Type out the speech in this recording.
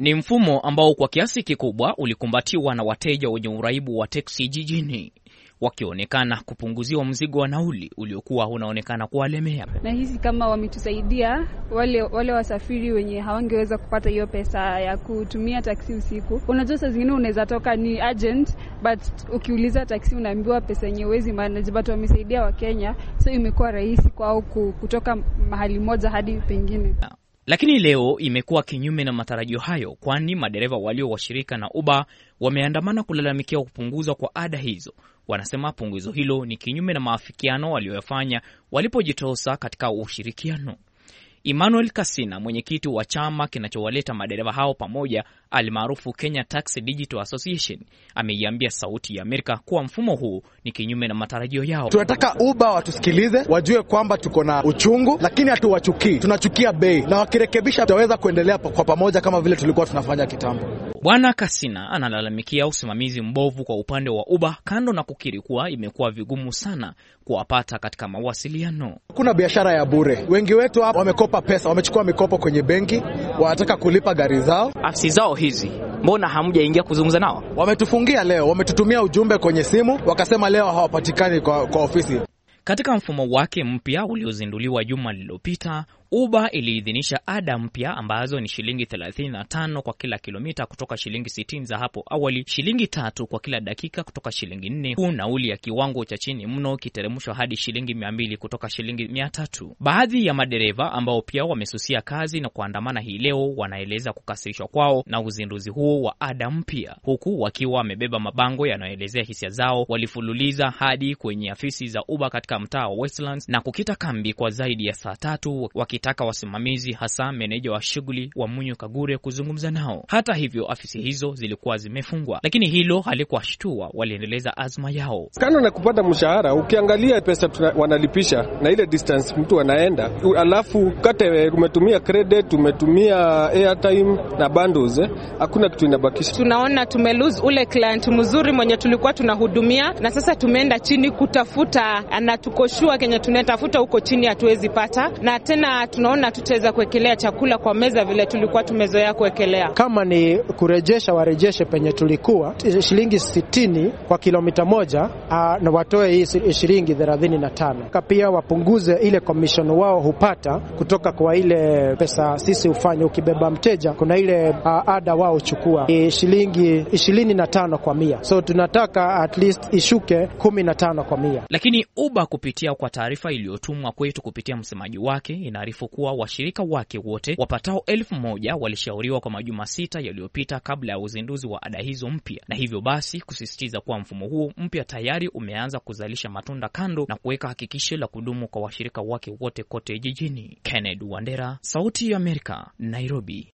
Ni mfumo ambao kwa kiasi kikubwa ulikumbatiwa na wateja wenye uraibu wa teksi jijini wakionekana kupunguziwa mzigo wa nauli uliokuwa unaonekana kuwalemea. Nahisi kama wametusaidia wale, wale wasafiri wenye hawangeweza kupata hiyo pesa ya kutumia taksi usiku. Unajua, saa zingine unaweza toka ni agent, but ukiuliza taksi unaambiwa pesa yenye uwezi manage, but wamesaidia Wakenya, so imekuwa rahisi kwao kutoka mahali moja hadi pengine. Lakini leo imekuwa kinyume na matarajio hayo, kwani madereva walio washirika na Uber wameandamana kulalamikia kupunguzwa kwa ada hizo. Wanasema punguzo hilo ni kinyume na maafikiano waliyoyafanya walipojitosa katika ushirikiano. Emmanuel Kasina, mwenyekiti wa chama kinachowaleta madereva hao pamoja almaarufu Kenya Taxi Digital Association, ameiambia Sauti ya Amerika kuwa mfumo huu ni kinyume na matarajio yao. Tunataka Uber watusikilize, wajue kwamba tuko na uchungu, lakini hatuwachukii, tunachukia bei, na wakirekebisha tutaweza kuendelea kwa pamoja kama vile tulikuwa tunafanya kitambo. Bwana Kasina analalamikia usimamizi mbovu kwa upande wa Uber, kando na kukiri kuwa imekuwa vigumu sana kuwapata katika mawasiliano. Kuna biashara ya bure, wengi wetu hapa wamekopa pesa, wamechukua mikopo kwenye benki, wanataka kulipa gari zao. Afisi zao hizi, mbona hamjaingia kuzungumza nao? Wametufungia leo, wametutumia ujumbe kwenye simu wakasema leo hawapatikani kwa, kwa ofisi. Katika mfumo wake mpya uliozinduliwa juma lililopita, Uber iliidhinisha ada mpya ambazo ni shilingi 35 kwa kila kilomita kutoka shilingi 60 za hapo awali, shilingi tatu kwa kila dakika kutoka shilingi nne, huku nauli ya kiwango cha chini mno kiteremshwa hadi shilingi 200 kutoka shilingi 300. Baadhi ya madereva ambao pia wamesusia kazi na kuandamana hii leo wanaeleza kukasirishwa kwao na uzinduzi huo wa ada mpya, huku wakiwa wamebeba mabango yanayoelezea hisia zao. Walifululiza hadi kwenye afisi za Uber katika mtaa wa Westlands na kukita kambi kwa zaidi ya saa tatu waki akitaka wasimamizi hasa meneja wa shughuli wa Munyo Kagure kuzungumza nao. Hata hivyo, afisi hizo zilikuwa zimefungwa, lakini hilo halikuwashtua, waliendeleza azma yao. Kando na kupata mshahara, ukiangalia pesa wanalipisha na ile distance mtu anaenda, alafu kate eh, umetumia credit, umetumia airtime na bundles, eh, hakuna eh, kitu inabakisha. Tunaona tumeluse ule client mzuri mwenye tulikuwa tunahudumia, na sasa tumeenda chini kutafuta, anatukoshua kenye tunatafuta huko chini hatuwezi pata, na tena tunaona tutaweza kuwekelea chakula kwa meza vile tulikuwa tumezoea kuwekelea. Kama ni kurejesha, warejeshe penye tulikuwa shilingi sitini kwa kilomita moja ah, na watoe hii shilingi 35. Pia wapunguze ile commission wao hupata kutoka kwa ile pesa sisi hufanya. Ukibeba mteja kuna ile ah, ada wao huchukua e, shilingi 25 kwa mia, so tunataka at least ishuke tano kwa mia. Lakini Uber kupitia kwa taarifa iliyotumwa kwetu kupitia msemaji wake inaarifu imearifu kuwa washirika wake wote wapatao elfu moja walishauriwa kwa majuma sita yaliyopita kabla ya uzinduzi wa ada hizo mpya, na hivyo basi kusisitiza kuwa mfumo huo mpya tayari umeanza kuzalisha matunda, kando na kuweka hakikisho la kudumu kwa washirika wake wote kote jijini. Kennedy Wandera, Sauti ya Amerika, Nairobi.